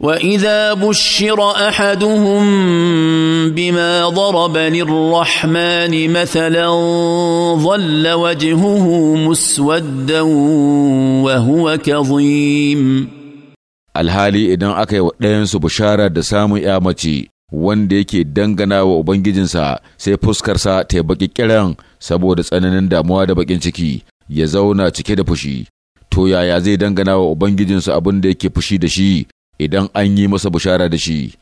واذا بشر احدهم بما ضرب للرحمن مثلا ظل وجهه مسودا وهو كظيم alhali idan aka yi wa ɗayansu bushara da samun ya mace wanda yake dangana wa ubangijinsa sai fuskarsa ta baƙi kiran saboda tsananin damuwa da baƙin ciki ya zauna cike da fushi to yaya zai dangana wa ubangijinsa abin da yake fushi da shi idan an yi masa bushara da shi